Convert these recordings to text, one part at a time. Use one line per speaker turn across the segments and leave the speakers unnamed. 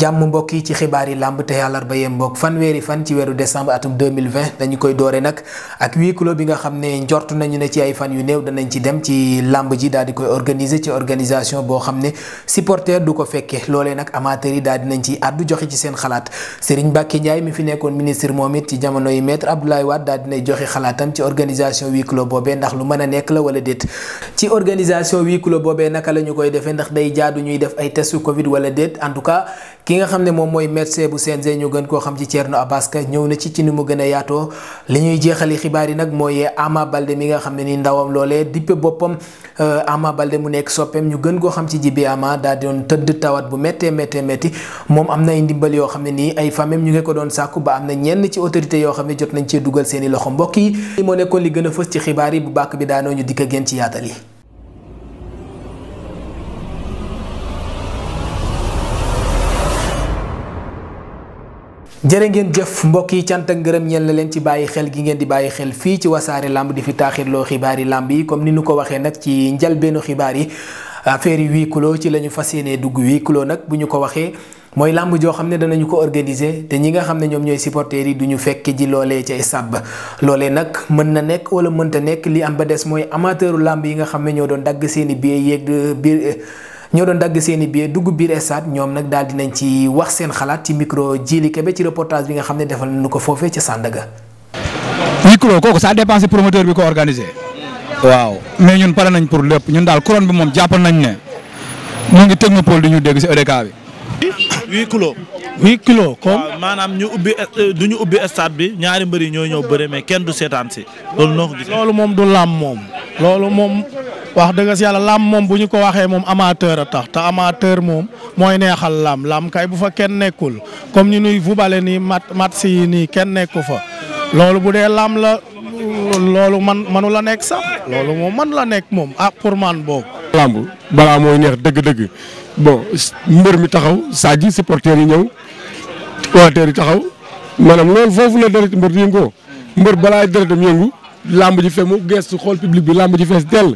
jàmm mbokk yi ci xibaar yi làmb te àllarba yem mbokk fanweeri fan ci weeru décembre atum 2020 dañu koy doore nag ak huis clos bi nga xam ne njort nañu ne ci ay fan yu néew danañ ci dem ci làmb ji daal di koy organiser ci organisation boo xam ne supporter du ko fekke loolee nag amateurs yi daal dinañ ci àddu joxe ci seen xalaat Serigne Mbacké Ndiaye mi fi nekkoon ministre moom it jamono yi maître Abdoulaye Wade daal dinay joxe xalaatam ci organisation huis clos boobee ndax lu mën a nekk la wala déet ci organisation huis clos boobee naka la ñu koy defee ndax day jaadu ñuy def ay testu Covid wala déet en tout ki nga xam ne moom mooy médecin bu CNG ñu gën koo xam ci Thierno Abass Ka ñëw na ci ci ni mu gën a yaatoo li ñuy jeexali xibaar yi nag mooy Ama Balde mi nga xam ne ni ndawam loole dippe boppam euh, Ama Balde mu nekk soppeem ñu gën koo xam ci jibi Ama daa doon tëdd tawat bu méttee méttee métti moom am na ay ndimbal yoo xam ne nii ay famem ñu ngi ko doon sàkku ba am na ñenn ci autorité yoo xam ne jot nañ cee dugal seeni loxo mbokk yi moo nekkoon li gën ci xibaar yi bu bàkk bi daanoo ñu dikk gën ci yaatal yi jërë ngeen jëf mbokk yi cant ak ngërëm ñeel na leen ci bàyyi xel gi ngeen di bàyyi xel fii ci wasaare làmb di fi taaxirloo xibaari lamb yi comme ni nu ko waxee nag ci njalbeenu xibaar yi affaire yi huis clos ci la ñu fas yéenee dugg huis clos nag bu ñu ko waxee mooy làmb joo xam ne danañu ko organiser te ñi nga xam ne ñoom ñooy supporters yi duñu fekke fekk ji loolee ca sàbb loolee nag mën na nekk wala mënta nekk li am ba des mooy amateuru làmb yi nga xam ne ñoo doon dagg seeni i billet yeeg biir ñoo doon dagg seeni i billet dugg biir stade ñoom nag daal dinañ ci wax seen xalaat ci micro jii Djily Kébé ci reportage bi nga xam ne defal nañu ko foofee ca Sandaga. micro kooku ça dépend si promoteur bi ko organisé. waaw mais ñun pare nañ pour lépp ñun daal couronne bi moom jàpp nañ ne mu ngi technopole di ñu dégg si EDK bi. huit kilos. huit kilos comme maanaam ñu ubbi du ñu ubbi stade bi ñaari mbër yi ñoo ñëw bëre mais kenn du seetaan si loolu noo moom du làmb moom wax dëgg si yàlla lam moom bu ñu ko waxee moom amateur a tax te amateur moom mooy neexal lam lam kay bu fa kenn nekkul comme ñu nuy vubale nii mat mat si nii kenn nekku fa loolu bu dee lam la loolu man manu la nekk sax loolu moom man la nekk moom ah pour man boobu. lamb balaa mooy neex dëgg-dëgg bon mbër mi taxaw Sadji supporters yi ñëw supporters yi taxaw maanaam loolu foofu la deret mbër yëngoo mbër balaa deretam yëngu lamb ji fe mu xool public bi lamb ji fees dell.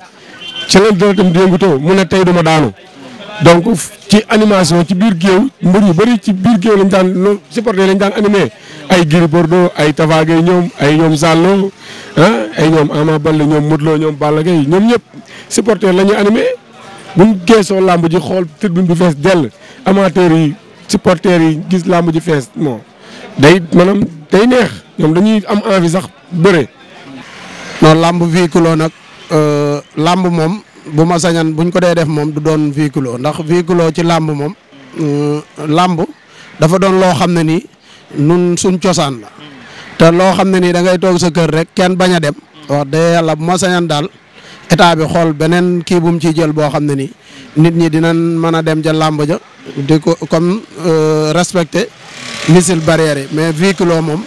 ci la deretam di yëngutoo mu ne tey duma daanu donc ci animation ci biir géew mbër yu bëri ci biir géew lañ daan lo supporter lañ daan animé ay Gris Bordeaux ay Tapha ñoom ay ñoom Zallo ah ay ñoom Ama Baldé ñoom Modou Lo ñoom Balla Gaye ñoom ñëpp supporter la ñuy animé buñ geesoo làmb ji xool tribune bi fees dell amateur yi supporter yi gis làmb ji fees moo day maanaam day neex ñoom dañuy am envie sax bëre. non làmb véhiculé nag. Euh, làmb moom bu ma sañan buñ ko dee def moom du doon véhiculo ndax véhiculo ci làmb moom euh, làmb dafa doon loo xam ne nii nun suñ cosaan la te loo xam ne nii dangay toog sa kër rek kenn bañ a dem wax dëgg yàlla bu ma sañan daal état bi xool beneen kii bu mu ciy jël boo xam ne nii nit ñi dina mën a dem ja làmb ja di ko comme euh, respecte missile barrière yi mais véhiculo moom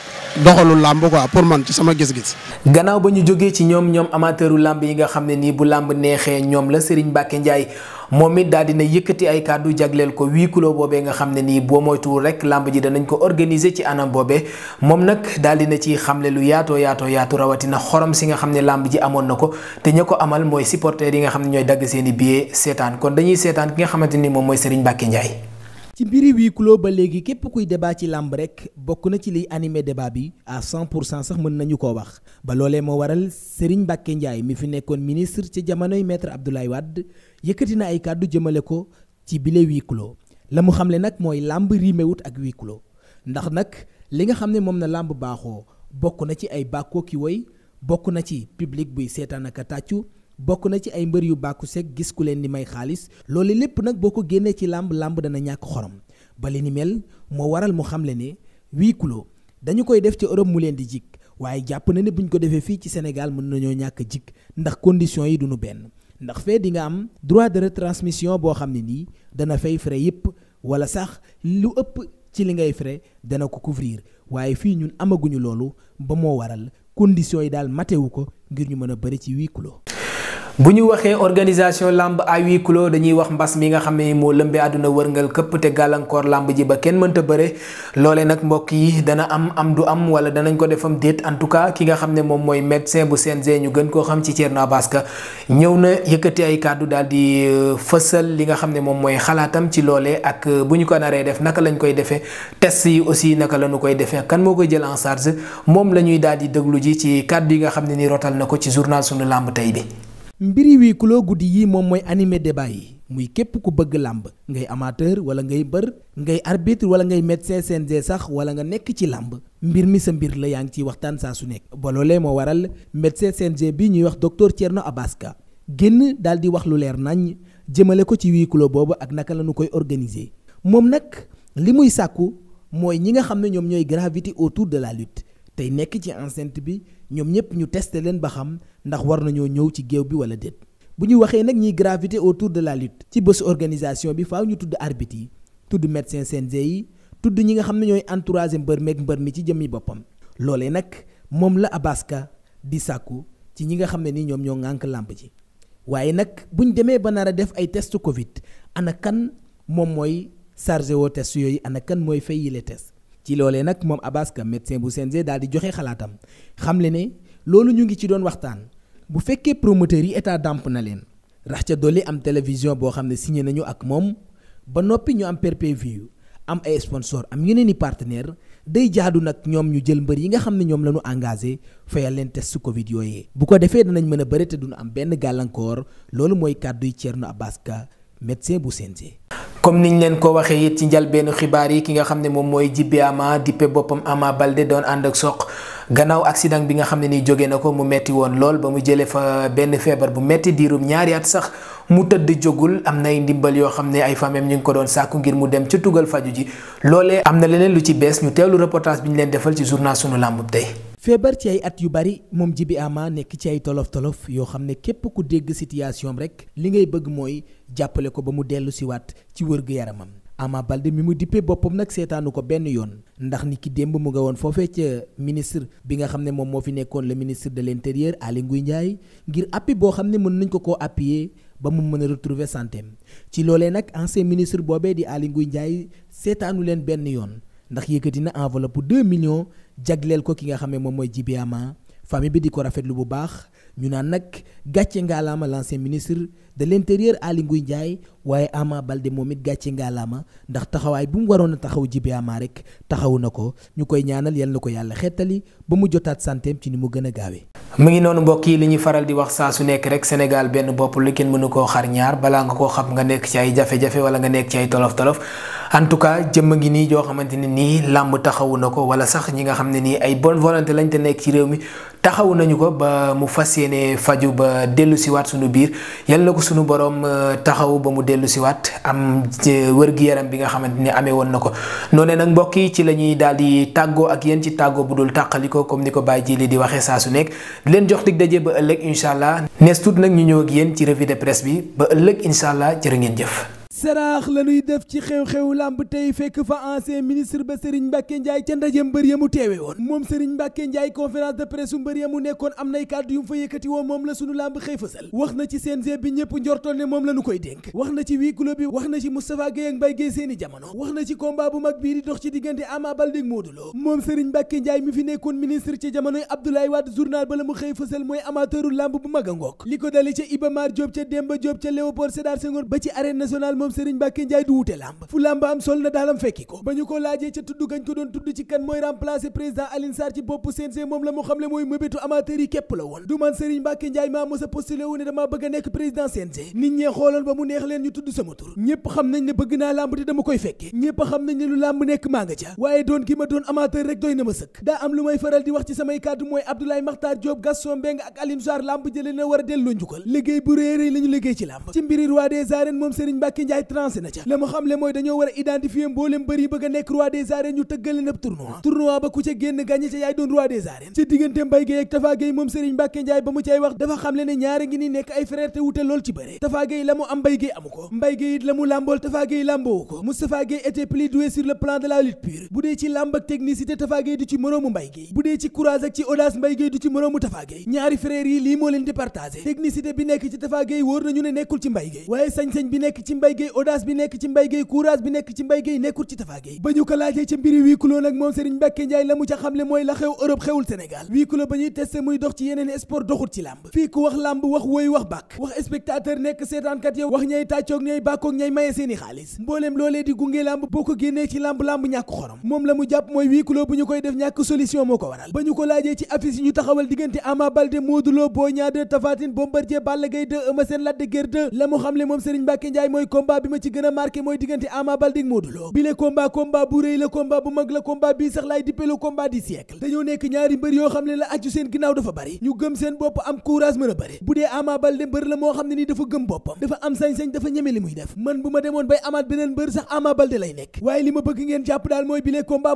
doxalul làmb quoi pour man ci sama gis-gis. gannaaw ba ñu jógee ci ñoom ñoom amateuru làmb yi nga xam ne nii bu làmb neexee ñoom la Serigne Mbacké Ndiaye moom it daal dina yëkkati ay kàddu jagleel ko huis clos boobee nga xam ne nii boo moytuwul rek làmb ji danañ ko organiser ci anam boobee moom nag daal dina ci xamle lu yaatoo yaatoo yaatu rawatina xorom si nga xam ne làmb ji amoon na ko te ñu ko amal mooy supporters yi nga xam ne ñooy dagg seeni i seetaan kon dañuy seetaan ki nga xamante ni moom mooy Serigne Mbacké Ndiaye. ci mbiri huis clos ba léegi képp kuy debaa ci làmb rek bokk na ci liy animé débat bi à 100 pour cent sax mën nañu ko wax ba loole moo waral Serigne Mbacke Ndiaye mi fi nekkoon ministre ci jamonoy maître Abdoulaye Wade yëkkati na ay kàddu jëmale ko ci bile huis clos la mu xam xamle nag mooy làmb riimewut ak huis clos ndax nag li nga xam ne moom na làmb baaxoo bokk na ci ay bàkkoo ki woy bokk na ci public buy seetaan ak a tàccu bokk na ci ay mbër yu bàkku sek gis ku leen di may xaalis loolu lépp nag boo ko génnee ci làmb làmb dana ñàkk xorom ba li ni mel moo waral mu xamle ne huis clos dañu koy def ci Europe mu leen di jig waaye jàpp na ne buñ ko defee fii ci Sénégal mën nañoo ñàkk jig ndax conditions yi duñu benn ndax fee di nga am droit de retransmission boo xam ne nii dana fay frais yépp wala sax lu ëpp ci li ngay frais dana ko couvrir waaye fii ñun amaguñu loolu ba moo waral conditions yi matewu ko ngir ñu mën a bëri ci huis clos bu ñu waxee organisation làmb à huis clos dañuy wax mbas mi nga xam ne moo lëmbee àdduna wërngal këpp te gàllankoor lamb ji ba kenn mënta bëre loole nag mbokk yi dana am am du am wala danañ ko defam déet en tout cas ki nga xam ne moom mooy médecin bu CNG ñu gën koo xam ci Thierno Abass Ka ñëw na yëkkati ay kàddu daal di euh, fësal li nga xam ne moom mooy xalaatam ci loolee ak euh, bu ñu ko naree def naka lañ koy defee test yi aussi naka la ñu koy defee kan moo koy jël en charge moom la ñuy daal di déglu ji ci kàddu yi nga xam ne ni rotal na ko ci journal sunu lamb tey bi. mbiri wii kuloo guddi yii moom mooy animé débat yi muy képp ku bëgg làmb ngay amateur wala ngay bër ngay arbitre wala ngay médecin CNG sax wala nga nekk ci làmb mbir mi sa mbir la yaa ngi ciy waxtaan saa su nekk bolole moo waral médecin CNG bi ñuy wax docteur Thierno Abaska génn daal di wax lu leer nañ jëmale ko ci wii kuloo boobu ak naka la ñu koy organiser moom nag li muy sàkku mooy ñi nga xam ne ñoom ñooy gravité autour de la lutte tey nekk ci enceinte bi ñoom ñëpp ñu testé leen ba xam ndax war nañoo ñëw ci géew bi wala déet bu ñu waxee nag ñiy gravité autour de la lutte ci bésu organisation bi faaw ñu tudd arbitre yi tudd médecin CNG yi tudd ñi nga xam ne ñooy entouragé mbër meeg mbër mi ci jëmmi boppam loolee nag moom la Abaska di sàkku ci ñi nga xam ne ni ñoom ñoo ŋànk làmp ci waaye nag buñ demee ba nara def ay testu Covid ana kan moom mooy chargé woo test yooyu ana kan mooy fay test ci loolee nag moom Abass Ka médecin bu CNG daal di joxe xalaatam xam le ne loolu ñu ngi ci doon waxtaan bu fekkee promoteurs yi état dàmp na leen rax ca dolli am télévision boo xam ne signé nañu ak moom ba noppi ñu am pay-per-view am ay sponsor am yeneen i partenaire day jaadu nag ñoom ñu jël mbër yi nga xam ne ñoom la ñu engagé fayal leen test Covid yooyee. bu ko defee danañ mën a bëri te duñu am benn gàllankoor loolu mooy kàddu yi Thierno Abass Ka médecin bu CNG. comme ni ñu leen ko waxee it ci njalbeenu xibaar yi ki nga xam ne moom mooy Djiby Ama dippe boppam Ama Baldé doon ànd ak soq gannaaw accident bi nga xam ne ni jóge na ko mu metti woon lool ba mu jëlee fa benn feebar bu metti diirum ñaari at sax mu tëdd jógul am nay ndimbal yoo xam ne ay famem ñu ngi ko doon sàkku ngir mu dem ca tugal faju ji loolee am na leneen lu ci bees ñu teewlu reportage bi ñu leen defal ci journal sunu làmb tey feebar ci ay at yu bari moom Djiby Ama nekk ci ay tolof-tolof yoo xam ne képp ku dégg situation rek li ngay bëgg mooy jàppale ko ba mu dellu siwaat ci wërgu-yaramam Ama Baldé mi mu dippee boppam nag seetaanu ko benn yoon ndax ni ki démb mu nga woon foofee ca ministre bi nga xam ne moom moo fi nekkoon le ministre de l'intérieur Aly Ngouille Ndiaye ngir appui boo xam ne mën nañ ko ko appuyer ba mu mën a retrouver santé ci loole nag ancien ministre boobee di Aly Ndiaye seetaanu leen benn yoon ndax yëkkati na enveloppe deux millions jagleel ko ki nga xam ne moom mooy Djiby Ama famille bi di ko rafetlu bu baax ñu naan nag gàcce ngaalaama l'ancien ministre de l'intérieur Aly Ngouille Ndiaye waaye Ama Baldé moom it gàcce ngaalaama ndax taxawaay bu mu waroon a taxaw Djiby Ama rek taxawu na ko ñu koy ñaanal yal na ko yàlla xettali ba mu jotaat santem ci ni mu gën a gaawee. mu ngi noonu mbokk yi li ñu faral di wax saa su nekk rek Sénégal benn bopp lu kenn mënu koo xar ñaar balaa nga koo xam nga nekk ci ay jafe wala nga nekk ci ay tolof-tolof. en tout cas jëmm ngi nii joo xamante ne nii làmb taxawu na ko wala sax ñi nga xam ne nii ay bonne volonté lañ te nekk ci réew mi taxawu nañu ko ba mu fas yéene faju ba dellu siwaat suñu biir yal na ko suñu borom euh, taxawu ba mu dellu siwaat am wér-gu-yaram bi nga xamante ni amee woon na ko noonu nag mbokk yi ci la ñuy daal di tàggoo ak yéen ci tàggoo bu dul tàqaliko comme ni ko Baye Jili di waxee saa su nekk leen jox dig daje ba ëllëg incha allah nees tuut nag ñu ñëw ak yéen ci revue de presse bi ba ëllëg incha allah jërë ngeen jëf saraax la ñuy def ci xew-xewu làmb tey fekk fa ancien ministre ba Serigne Mbacke Ndiaye ca ndaje mbër mu teewe woon moom Serigne Mbacke Ndiaye conférence de presse u mbër nekkoon am na kàddu yu mu fa yëkkati woon moom la sunu làmb xëy fësal wax na ci CNG bi ñëpp njortoon ne moom la ñu koy dénk wax na ci huis clos bi wax na ci Moustapha Gueye ak Mbaye seeni jamono wax na ci combat bu mag bii di dox ci diggante Ama Baldé ak Modou Lo moom Serigne Mbacke a ngook li ko dale ca Iba Mar Diop ca Demba Diop ca Léopold moom Serigne Mbacke du wute làmb fu làmb am sol na daalam fekki ko ba ñu ko laajee ca tudd gañ ko doon tudd ci kan mooy remplacer président Aline Sarr ci bopp CNG moom la mu xamle mooy mëbétu amateur yi képp la woon du man Serigne Mbacke maa mos a ne damaa bëgg a nekk président CNG nit ñee xooloon ba mu neex leen ñu tudd sama tur ñépp xam nañ ne bëgg naa làmb te dama koy fekke ñépp xam nañ lu làmb nekk maa nga ca waaye doon Ndiaye trancé na ca la mu xamle mooy dañoo war a identifier mboolem mbër yi bëgg a nekk roi des arènes ñu tëggal leen ab tournoi tournoi ba ku ca génn gàññe ca yaay doon roi des arènes ci diggante Mbaye Gueye ak Tafa moom Serigne Mbacke Ndiaye ba mu cay wax dafa xamle ne ñaari ngi ni nekk ay frère te wute lool ci bëre Tafa la mu am Mbaye Gueye amu ko Mbaye Gueye la mu làmbool Tafa làmboowu ko Moustapha Gueye était plus sur le plan de la dee ci làmb ak technicité Tafa yi lii moo leen di partagé bi nekk ci Tafa Gueye wóor nañu ne waaye sañ nekk ci Mbaye Gueye géey bi nekk ci mbay géey courage bi nekk ci mbay géey nekkul ci tafaa géey ba ñu ko laajee ca mbiri wii kuloo nag moom Serigne Mbacke Ndiaye la mu ca xamle mooy la xew Europe xewul Sénégal wii kuloo ba ñuy testé muy dox ci yeneen sport doxul ci làmb fii ku wax làmb wax woy wax bàkk wax spectateur nekk seetaankat yow wax ñay tàccoog ñay bàkkoog ñay maye seeni xaalis mbooleem loolee di gunge làmb boo ko génnee ci làmb làmb ñàkk xorom moom la mu jàpp mooy wii kuloo bu ñu koy def ñàkk solution moo ko waral ba ko laajee ci affiche yi taxawal diggante Ama Baldé Modou Lo Boy Niang 2 Tapha Tine Bombardier Balla Gaye 2 Eumeu Sène la mu xamle moom Serigne Mbacke Ndiaye mooy combat combat bi ma ci gën a marqué mooy diggante Ama Baldé ak Modou Lo bile combat bu rëy la combat bu mag la combat bii sax laay dippe le combat du dañoo nekk ñaari mbër yoo xam la aju seen ginnaaw dafa bari ñu gëm seen bopp am courage mën a bëre bu dee Ama Baldé mbër la moo xam ne nii dafa gëm boppam dafa am sañ dafa ñeme li muy def man bu ma demoon bay amaat beneen mbër sax Ama Baldé lay nekk waaye li ma bëgg ngeen jàpp daal mooy bile combat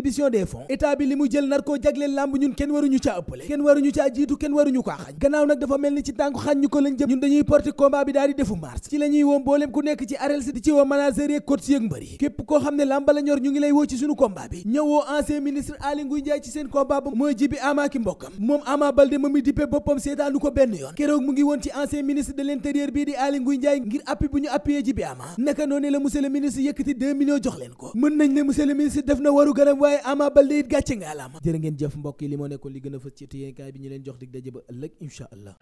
attribution bi li mu jël nar koo jagleel làmb ñun kenn waruñu caa ëppale kenn waruñu caa jiitu kenn waruñu kaa xañ gannaaw nag dafa mel ni ci tànku xañ ñu ko lañ jëm ñun dañuy porter combat bi daal defu mars ci la ñuy woo ku nekk ci arel si di ci woo manager yeeg coach yeeg mbër xam ne làmba ñor ñu ngi lay woo ci suñu combat bi ñëwoo ancien ministre Aly Ngouille Ndiaye ci seen combat ba mooy jibi Ama ki mbokkam moom Ama Baldé ma muy dippe boppam seetaanu waaye Ama Baldé it gàcce nga alaama jërë ngeen jëf mbokk yi li nekkoon li gën a fës ci yéenekaay bi ñu leen jox dig daje ëllëg incha allah